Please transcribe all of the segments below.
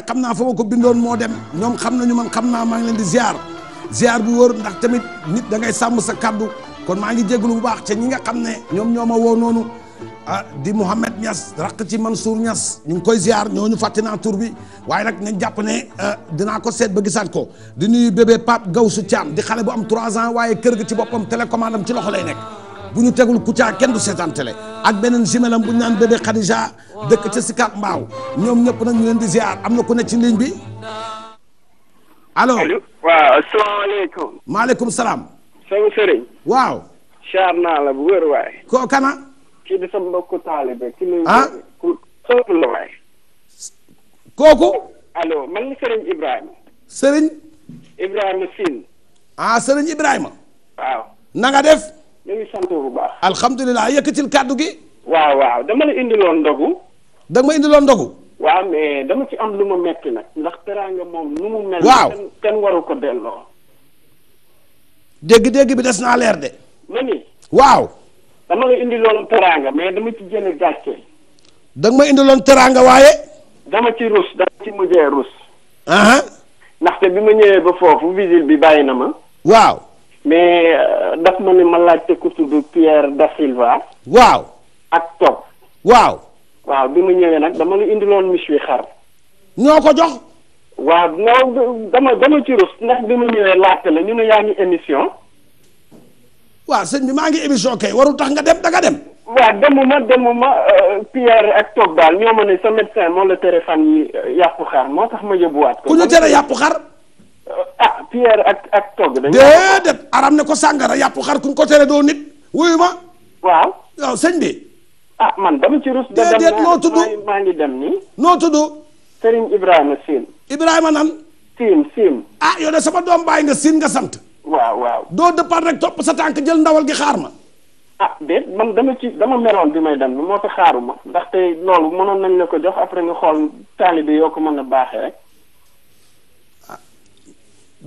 nag xam naa fa ko bindoon moo dem ñoom xam nañu man xam naa maa ngi leen di ziar ziar bu wóor ndax tamit nit dangay ngay sàmm sa kaddu kon maa ngi jégalu bu baax ca ñi nga xam ne ñoom ñoo ma woo noonu ah di Mouhamed Niass rakk ci Mansour Niass ñu ngi koy ziar ñooñu fàtte naa tur bi waaye nag nañ jàpp ne euh, dinaa ko seet ba gisaat ko di nuyu bébé Pape Gawsu Thiam di xale bu am 3 ans waaye kër gi ci boppam télécommande am ci loxo lay nekk. bu ñu tegul Kouthia kenn du seetaan télé ak beneen jimelam bu ñu naan bébé Khadija dëkk ca Sicap Mbao ñoom ñëpp nag ñu leen di ziar am na ku ne ci ligne bi allo. allo waaw asalaamaaleykum. salaam. sama sëriñ. waaw. char naa la bu wër waay. kii di sa ah? kooku. allo man la sëriñ Ibrahima. sëriñ. Ibrahima Sine. ah sëriñ Ibrahima. waaw. def. ñu ngi sant bu baax. alhamdulilah yëkkatil kàddu gi. waaw waaw dama la indiloon ndogu. da ma indiloon ndogu. waaw mais dama ci am lu ma metti nag. ndax teraanga moom nu mu mel. waaw kenn waru ko delloo. dégg-dégg bi des naa leer de. ma ni. waaw. dama indiloon teraanga mais dama ci jële gàcce. da nga ma indiloon teraanga waaye. dama ci rus dama ci mujjee rus. ndaxte bi ma ñëwee ba foofu visite bi bàyyi na ma. waaw. mais euh, daf ma ni ma laajte ku tudd Pierre da Silva. waaw. ak Top. waaw. waaw bi ma ñëwee nag dama la indiloon monsieur xar. ñoo ko jox. waaw non dama dama ci rus ndax bi mu ñëwee laajte la ñu ne yaa ngi émission. waaw sëñ bi maa ngi émission kay warul tax nga dem da nga dem. waaw demuma demuma euh, Pierre ak Top daal ñoo ma ne sa médecin moo la tere fan yi euh, yàpp xar moo tax ma yóbbuwaat ko. ku ñu tere yàpp xar. ah Pierre ak ak togg. dañu déedéet aram ne ko sàngara yàpp xar kuñ ko tere doo nit. wuyu ma. waaw waaw sëñ bi. ah man dama ci rus. déedéet noo tudd maa ngi dem nii. noo tudd. Serigne Ibrahima Sine. Ibrahima nan. Sine Sine. ah yow de sama doom bàyyi nga Sine nga sant. waaw waaw. doo départ rek topp sa tànk jël ndawal gi xaar ma. ah déet man dama ci dama meroon bi may dem bi moo fi xaaruma ndaxte loolu mënoon nañ ne ko jox après nga xool taalibe yoo ko mën a baaxee rek.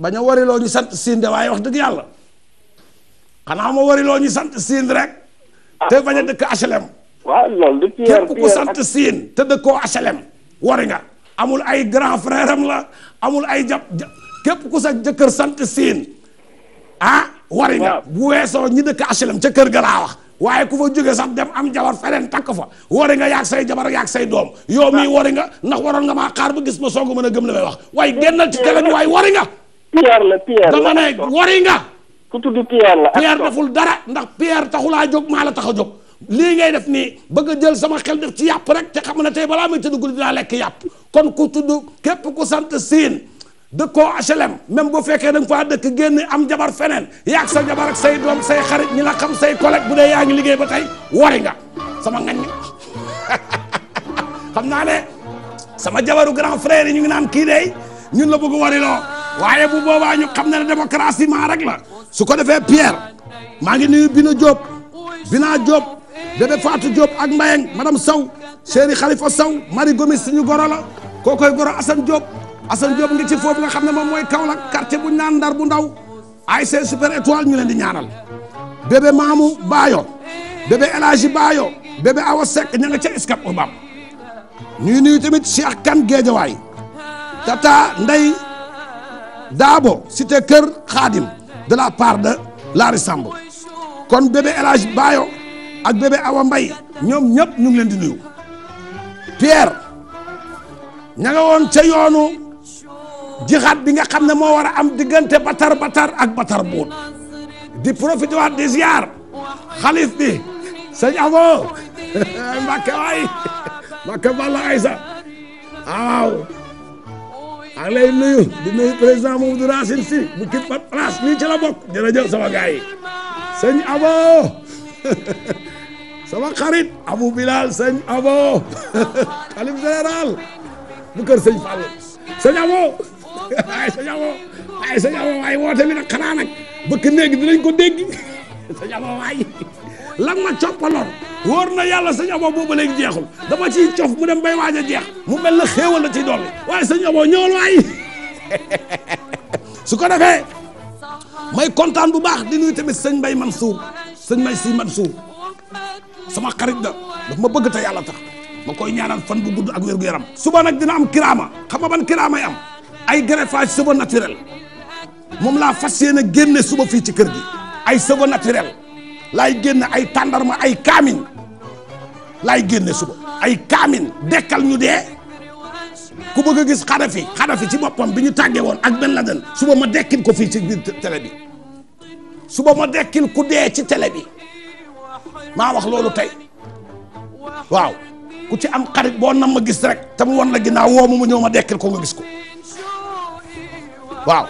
bañ a wariloo ñi sant siin de waaye wax dëgg yàlla xanaa ma wariloo ñu sant siin rek. Ah. te bañ a dëkk HLM. waaw loolu du Pierre képp ku sant siin te dëkkoo HLM. wari nga amul ay grand frère la amul ay jàpp képp ku sa jëkkër sant siin ah. wari nga bu weesoo ñi dëkk HLM ca kër ga wax. waaye ku fa jóge sax dem am jabar feneen takk fa wari nga yaag say jabar yaag say doom. yow mii wari nga ndax waroon nga maa xaar ba gis ma soog a mën a gëm la may wax. waaye génnal ci télé bi waaye wari Pierre la Pierre la dama ne wari nga. ku tudd Pierre la Pierre dara ndax Pierre taxulaa jóg maa la tax a jóg. lii ngay def nii bëgg a jël sama xel def ci yàpp rek te xam na tey balaa may tëdd guddi dinaa lekk yàpp kon ku tudd képp ku sant siin dëkkoo HLM même bu fekkee da nga faa dëkk génn am jabar feneen ak sa jabar ak say doom say xarit ñi la xam say collègue bu dee yaa ngi liggéey ba tey wari nga sama ngañ xam naa ne sama jabaru grand frère yi ñu ngi naan kii dey ñun la bëgg wariloo waaye bu boobaa ñu xam ne ne démocratie maa rek la su ko defee Pierre maa ngi nuyu Bina Diop Bina Diop bébé Fatou Diop ak Mbayang madame Sow chéri Khalifa Sow Marie Gomis suñu goro la kookoy goro Assane Diop Assane Diop ngi ci foofu nga xam ne moom mooy Kaolack quartier bu ñu naan Ndar bu ndaw ASC super étoile ñu leen di ñaanal bébé Mamou Bayo bébé El Hadji Bayo bébé Awa Seck ña nga ca Escape Urbam ñuy nuyu tamit Cheikh Kane Guédiawaye Tata Ndeye Daabo cité Kër Xaadim de la part de Laari Samb kon bébé El Hadj ak bébé Awa Mbay ñoom ñëpp ñu ngi di nuyu Pierre ña woon ca yoonu jixaat bi nga xam ne moo war a am diggante batar batar ak batar buut di profité waat di ziar bi sëñ Abo Mbàkke waay Mbàkke Balla Aysa waaw maa ngi lay nuyu di nuyu président Mamadou Racine Sy bu kii par place lii ci la bokk jërëjëf sama gars yi sëñ Abo sama xarit Abou Bilal sëñ Abo xalif général bu kër sëñ Fallou sëñ ay sëñ Abo ay sëñ Abo waay woote bi nag xanaa nag bëkk néeg dinañ ko dégg sëñ Abo waay wóor na yàlla sëñ aboo boobu léegi jeexul dama ci cof mu dem bay waaj a jeex mu mel na xéewal la ciy dolli waaye sëñ aboo ñëwal waay su ko defee may kontaan bu baax di nuyu tamit sëñ Mbay Mansour sëñ Mbay si Mansour sama xarit da ma bëgg te yàlla tax ma koy ñaanal fan bu gudd ak wér gu suba nag dina am kiraama xam nga ban kiraamay am ay fa greffage cheveux naturel moom laa fas a génne suba fii ci kër gi ay cheveux naturel laay génne ay tàndarma ay kaamin laay génne suba ay kaamin dekkal ñu dee ku bëgg a gis xadafi xadafi ci boppam bi ñu tàggee woon ak Ben Laden suba ma dekkil ko fii ci biir télé bi suba ma dekkil ku dee ci tele bi maa wax loolu tey waaw ku ci am xarit boo nam ma gis rek te mu won la ginnaaw woo ma mu ñëw ma dekkil ko nga gis ko waaw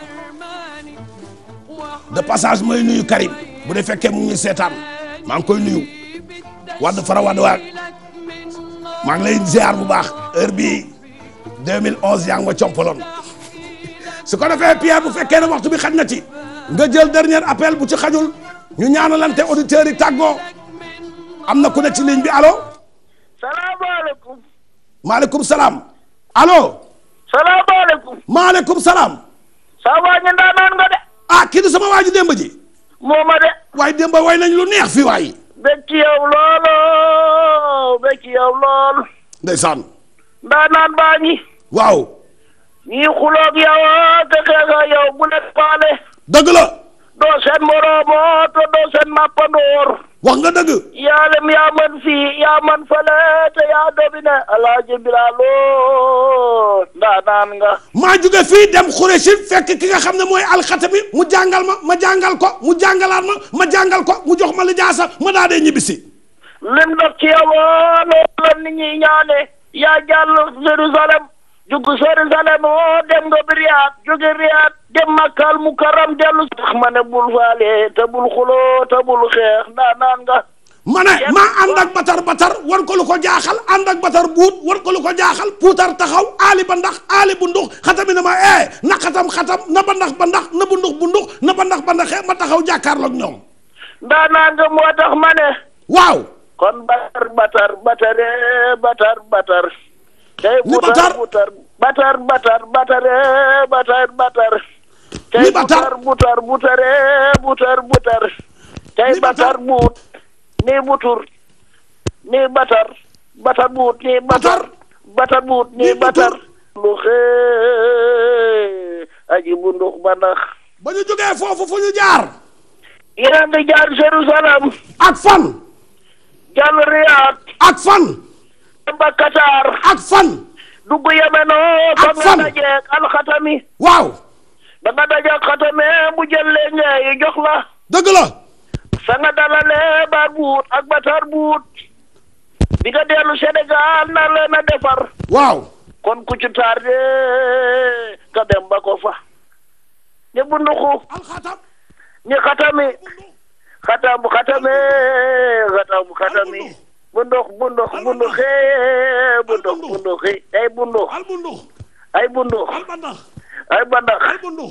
de passage may nuyu Karim bu dee fekkee mu ngi seetaan maa ngi koy nuyu wadd fara wadd waag maa ngi lay ziar bu baax heure bi 2011 yaa ngi ma compaloon su ko defee Pierre bu fekkee ne waxtu bi xaj na ci nga jël dernier appel bu ci xajul ñu ñaanalante auditeurs yi tàggoo am na ku ne ci ligne bi allo. salaamaaleykum. maaleykum salaam. allo. salaamaaleykum. maaleykum salaam. saa waa ñu ndaanaan nga de. ah kii di sama waa ji démb ji. moo ma de. waaye démb way nañ lu neex fi waay. bëgg ci yow lool bëgg ci yow lool. ndeysaan. ndaanaan baa ngi. waaw. ñii xuloog yow te xeexa yow bu nekk paale. dëgg la. doo seen moroomo te mappandoor. wax nga dëgg. yaa lem yaa man fii yaa man fële te yaa domine alaaji bilaaloo ndaa naan nga. maa jóge fii dem Xureesi fekk ki nga xam ne mooy alxatami mu jàngal ma ma jàngal ko mu jàngalaat ma ma jàngal ko mu jox ma li ma daa dee ñibbisi. lim nag ci yow loolu ñi ñaane yaa jàll Jérusalem. jug Jérusalem oo dem nga bi Riyad jóge Riyad dem Makkal Mukarram dellu tax ma ne bul faale te bul xuloo te bul xeex nga ma ne maa ànd batar batar war ko lu ko jaaxal ànd ak batar buut war ko lu ko jaaxal puutar taxaw aali ba ndax aali bu ndux xatami na ma ee eh, na xatam xatam na ba ndax na bu ndux na ba ndax ba ndaxee eh, ma taxaw jàkkaarloog ñoom ndaanaan nga moo tax ma waaw kon batar batar batare batar batar kay butar butar batar batar batare batar batar kay butar butar butare butar butar kay batar buut ni butur ni batar batar buut ni batar batar buut ni batar lu xee aji bu ndux ba ndax ba ñu jógee foofu fu ñu jaar Iran di jaar Jérusalem ak fan jàll Riyad ak fan ba Qatar. ak fan. dugg yemeno. Oh, ak fan ba nga dajeeg waaw. ba nga dajeeg xatame bu jëlee ngay jox la. dëgg la. sa nga buut ak batar buut. bi nga dellu Sénégal na defar. waaw. kon ku ci tardé ka dem ba ko fa. ñi bunduxu. alxatam. ñi xatami. xatam bu xatami xatami. bundux bundux bundux xee eh, bundux bundux xee eh, ay bundux al bundux ay bundux al bandax ay bandax bundux